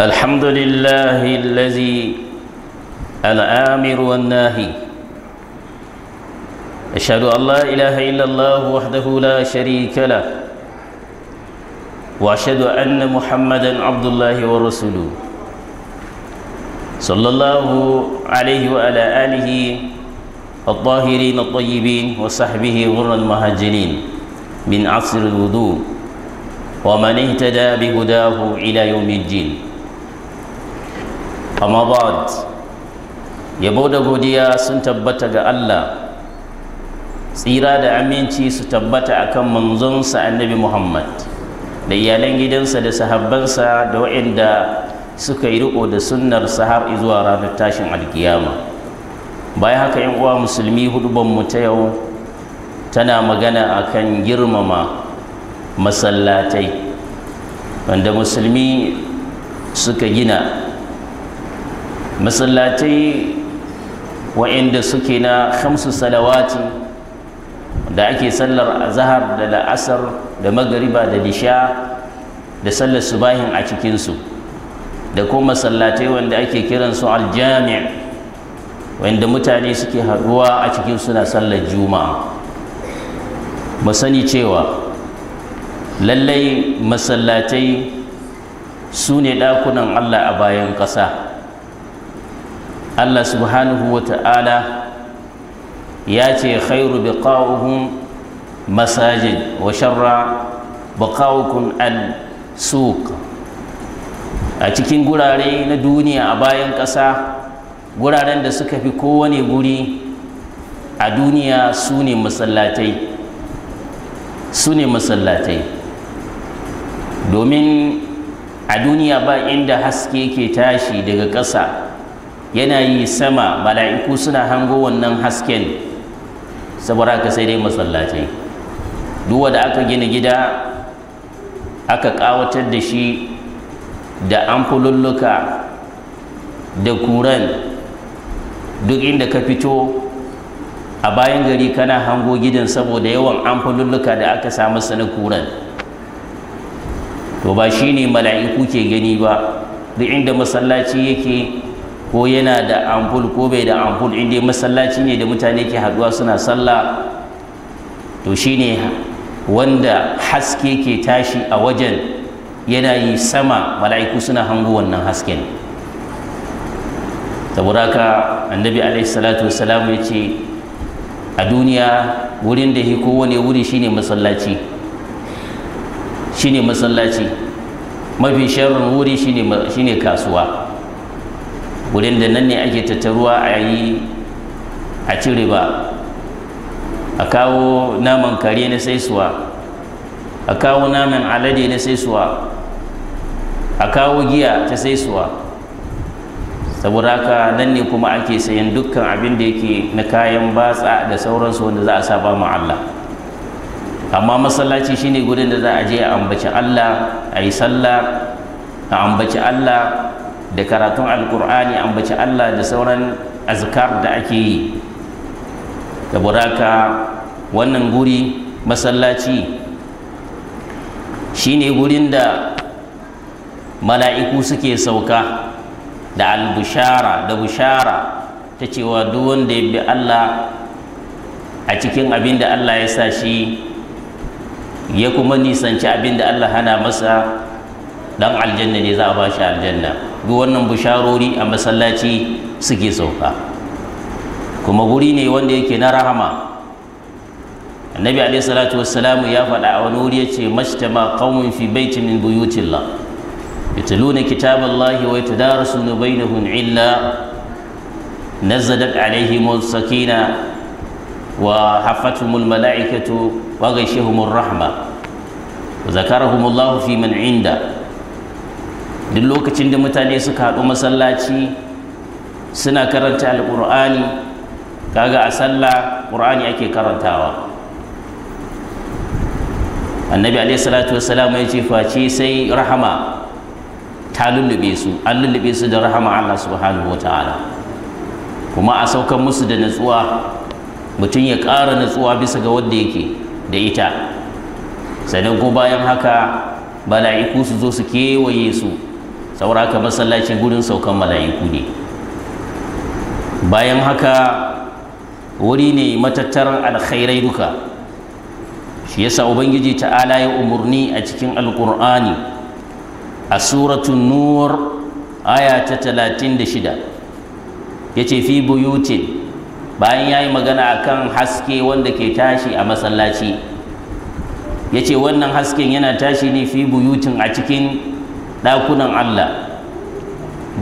الحمد لله الذي الآمر والناهي أشهد أن لا إله إلا الله وحده لا شريك له وأشهد أن محمدا عبد الله ورسوله صلى الله عليه وعلى آله الطاهرين الطيبين وصحبه غر المهاجرين من عصر الوضوء ومن اهتدى بهداه إلى يوم الدين Ramadan yabo da godiya sun tabbata ga Allah tsira da aminci su tabbata akan manzonsa annabi Muhammad da iyalan gidansa da sahabbansa da waɗanda suka yi riko da sunnar sahar zuwa ranar tashin alkiyama bayan haka yan uwa musulmi mu ta yau tana magana akan girmama masallatai wanda musulmi suka gina masallatai wa'inda suke na khamsu salawati da ake sallar azhar da la'asar da magariba da lisha da sallar subahin a cikinsu da kuma masallatai wanda ake kiransu aljami' wanda mutane suke haɗuwa a cikin suna sallar juma'a mu sani cewa lallai masallatai su ne ɗakunan allah a bayan ƙasa Allah subhanahu wa ta'ala ya ce khairu biqa'uhum masajid wa sharra biqa'ukum al-suq a cikin gurare na duniya a bayan ƙasa guraren da suka fi kowane guri a duniya su ne masallatai su ne masallatai domin a duniya ba inda haske ke tashi daga ƙasa yana yi sama mala'iku suna hango wannan hasken saboda haka sai dai masallaci duk wanda aka gina gida aka ƙawatar da shi da amfululluka da kuran duk inda ka fito a bayan gari kana hango gidan saboda yawan amfululluka da aka samu na kuran to ba shi ne mala'iku ke gani ba duk inda masallaci yake ko yana da ampul ko bai da ampul inda masallaci ne da mutane ke haduwa suna sallah to shine wanda haske ke tashi a wajen yana yi sama mala'iku suna hango wannan hasken saboda ka annabi alaihi salatu wasalam ya ce a duniya wurin da ya kowane wuri shine masallaci shine masallaci mafi sharrin wuri shine kasuwa wurin da nan ne ake tattaruwa a yi a cire ba, a kawo naman kare na saisuwa a kawo naman alade na saisuwa a kawo giya ta saisuwa saboda haka nan ne kuma ake sayan dukkan abin da yake na kayan batsa da sauransu wanda za a saba ma Allah amma masallaci shine gurin da za a je a ambaci Allah a yi sallah a ambaci Allah da karatun alkur'ani ambaci allah da sauran azkar da ake yi da buraka wannan guri masallaci shine gurin da mala'iku suke sauka da albushara da bushara ta cewa duk wanda ya bi allah a cikin abin da allah ya sa shi ya kuma nisanci abin da Allah hana masa dan aljanna ne za a ba shi aljanna duk wannan bisharori a masallaci suke sauka kuma guri ne wanda yake na rahama annabi alaihi salatu ya faɗa a wani wuri yace mashtama qaumun fi baitin min buyutillah yatluna kitaballahi wa yatadarasuna bainahum illa nazalat alaihim as-sakina wa hafathumul malaikatu wa ghashiyahumur rahma wa zakarahumullahu fi man 'inda duk lokacin da mutane suka haɗu masallaci suna karanta alƙur'ani kaga a sallah ƙur'ani ake karantawa annabi alaihi salatu ya ce face sai rahama ta lullube su an lullube su da rahama Allah subhanahu wa ta'ala kuma a saukan musu da natsuwa mutum ya ƙara natsuwa bisa ga wanda yake da ita sannan ko bayan haka bala'iku su zo su kewaye su sauraka haka masallaci gurin saukan mala'iku ne bayan haka wuri ne matattaran alkhairai duka shi yasa ubangiji ta'ala ya umarni a cikin alkur'ani a suratun nur aya ta talatin da shida ya ce fi buyutin bayan ya yi magana akan haske wanda ke tashi a masallaci ya ce wannan hasken yana tashi ne fi buyutin a cikin ɗakunan Allah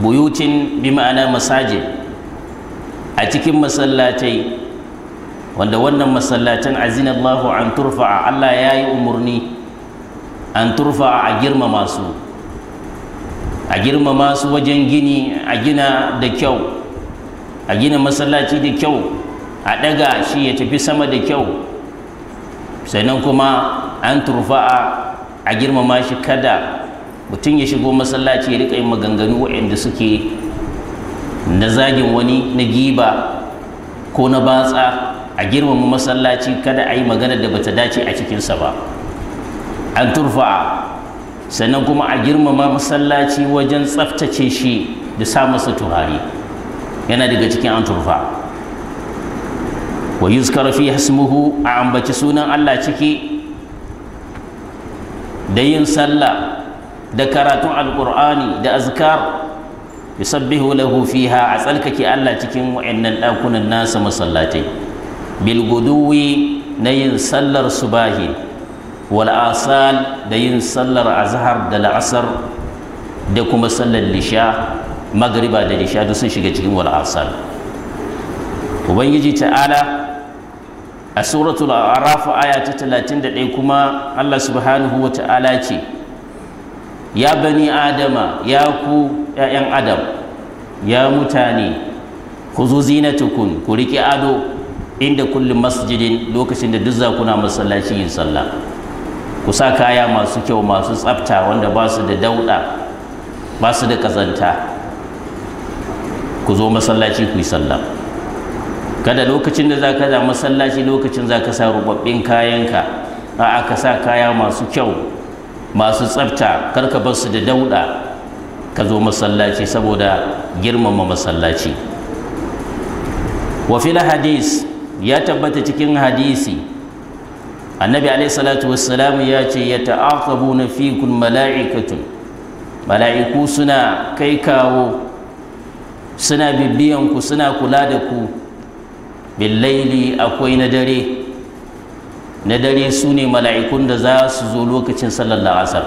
buyutin bi ma'ana masajid a cikin masallatai wanda wannan masallatan azinallahu an turfa'a Allah ya yi umarni an turfa'a a girmama su a girmama su wajen gini a gina da kyau a gina masallaci da kyau a ɗaga shi ya tafi sama da kyau sannan kuma an turfa'a a girmama shi kada mutum ya shigo masallaci ya rika yin maganganu waɗanda suke na zagin wani na giba ko na batsa a girmama masallaci kada a yi magana da bata dace a cikinsa ba an turfa sannan kuma a girmama masallaci wajen tsaftace shi da sa masa turare yana daga cikin an turfa wa yuzkar fi hasmuhu a ambaci sunan Allah ciki da yin sallah da karatun alƙur'ani da azkar yusabbihu lahu fiha a tsalkake Allah cikin wa'annan ɗakunan nasa masallatai bil guduwi na yin sallar subahi wal asal da yin sallar azhar da la'asar da kuma sallar lisha magriba da lisha duk sun shiga cikin wal asal ubangiji ta'ala a suratul araf aya ta 31 kuma Allah subhanahu wa ta'ala ce ya bani adama ya ku ‘ya'yan adam ya mutane ku zo zinatukun ku riƙe ado inda kullum masjidin lokacin da duk za kuna masallaci yin sallah ku sa kaya masu kyau masu tsafta wanda ba su da dauɗa ba su da ƙazanta ku zo masallaci ku yi sallah kada lokacin da za ka za masallaci lokacin za ka sa rubabbin kayanka a aka sa kaya masu kyau masu tsafta karka bar su da dauda ka zo masallaci saboda girmama masallaci wa fil hadis ya tabbata cikin hadisi annabi alaihi salatu wassalam ya ce ya fi kun mala'ikatu mala'iku suna kai kawo suna bibiyan ku suna kula da ku billaili akwai na dare na dare su ne mala'ikun da za su zo lokacin sallar la'asar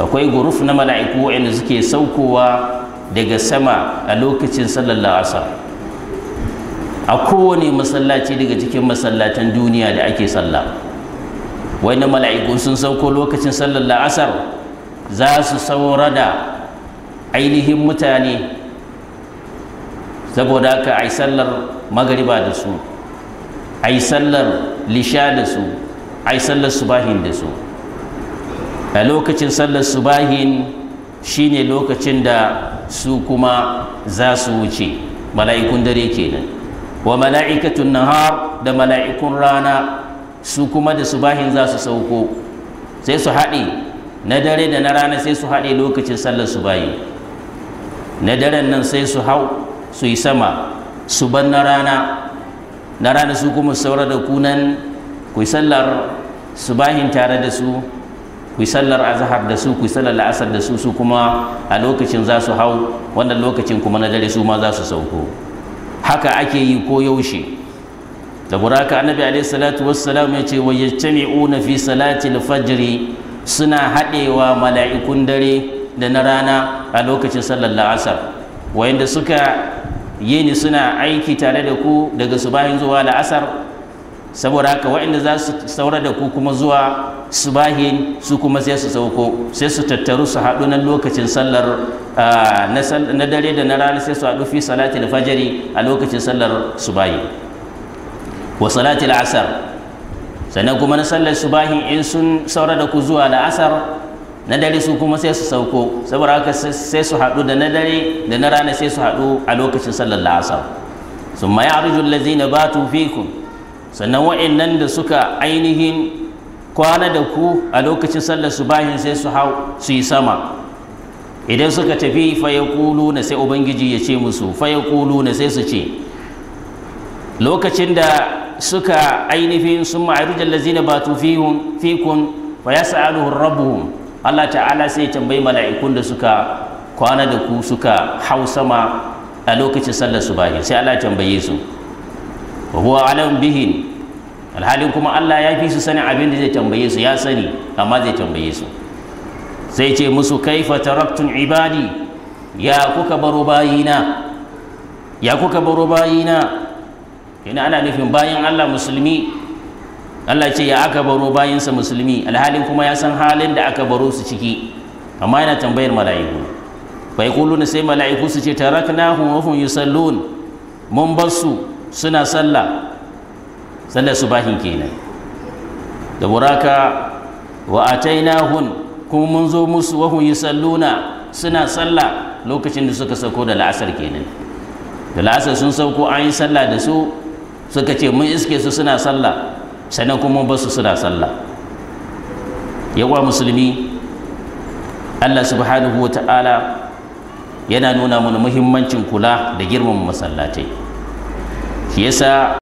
akwai guruf na mala'iku waɗanda suke saukowa daga sama a lokacin sallar la'asar a kowane masallaci daga cikin masallatan duniya da ake sallah wani mala'iku sun sauko lokacin sallar la'asar za su saura da ainihin mutane saboda aka a sallar magariba da su a sallar lisha da su ai sallar subahin da su a lokacin sallar subahin shine lokacin da su kuma za su wuce mala'ikun dare kenan wa mala'ikatun nahar da mala'ikun rana su kuma da subahin za su sauko sai su haɗe na dare da na rana sai su haɗe lokacin sallar subahi na daren nan sai su hau su yi sama su ban na rana na rana su kuma saura da kunan ku sallar subahin tare da su ku sallar azhar da su ku sallar la'asar da su su kuma a lokacin za su hau wannan lokacin kuma na dare su ma za su sauko haka ake yi ko yaushe da buraka annabi alaihi salatu wassalam ya ce wa yajtami'una fi salati al-fajr suna haɗewa mala'ikun dare da na rana a lokacin sallar la'asar wayanda suka yini suna aiki tare da ku daga su bayan zuwa la'asar saboda haka waɗanda za su saura da ku kuma zuwa su bahin su kuma sai su sauko sai su tattaru su haɗu nan lokacin sallar na dare da na rana sai su haɗu fi salati fajari a lokacin sallar su bahi wa salati la'asar sannan kuma na sallar su bahin in sun saura da ku zuwa la'asar na dare su kuma sai su sauko saboda haka sai su haɗu da na dare da na rana sai su haɗu a lokacin sallar la'asar sun ma ya'ruju allazina batu fikum sannan wa'annan da suka ainihin kwana da ku a lokacin sallar subahin sai su hau su yi sama idan suka tafi fa na sai ubangiji ya ce musu fa na sai su ce lokacin da suka ainihin sun ma'arujan lazina batu fikun fa ya sa'aluhun rabbuhum Allah ta'ala sai ya tambayi mala'ikun da suka kwana da ku suka hau sama a lokacin sallar subahi sai Allah ya tambaye su wa huwa alam bihin alhalin kuma Allah ya fi su sanin abin da zai tambaye su ya sani amma zai tambaye su sai ce musu kaifa taraktun ibadi ya kuka baro bayina ya kuka baro bayina ina ana nufin bayan Allah musulmi Allah ce ya aka baro bayansa musulmi alhalin kuma ya san halin da aka baro su ciki amma yana tambayar mala'iku fa yaquluna sai mala'iku su ce taraknahum wa hum yusallun mun bar suna sallah sallar subahin kenan da buraka wa atainahun kuma mun zo musu wa hum yusalluna suna sallah lokacin da suka sauko da la'asar kenan da la'asar sun sauko an yi sallah da su suka ce mun iske su suna sallah sannan kuma ba su suna sallah yawa musulmi allah subhanahu wa ta'ala yana nuna mana muhimmancin kula da girmama masallatai shi yasa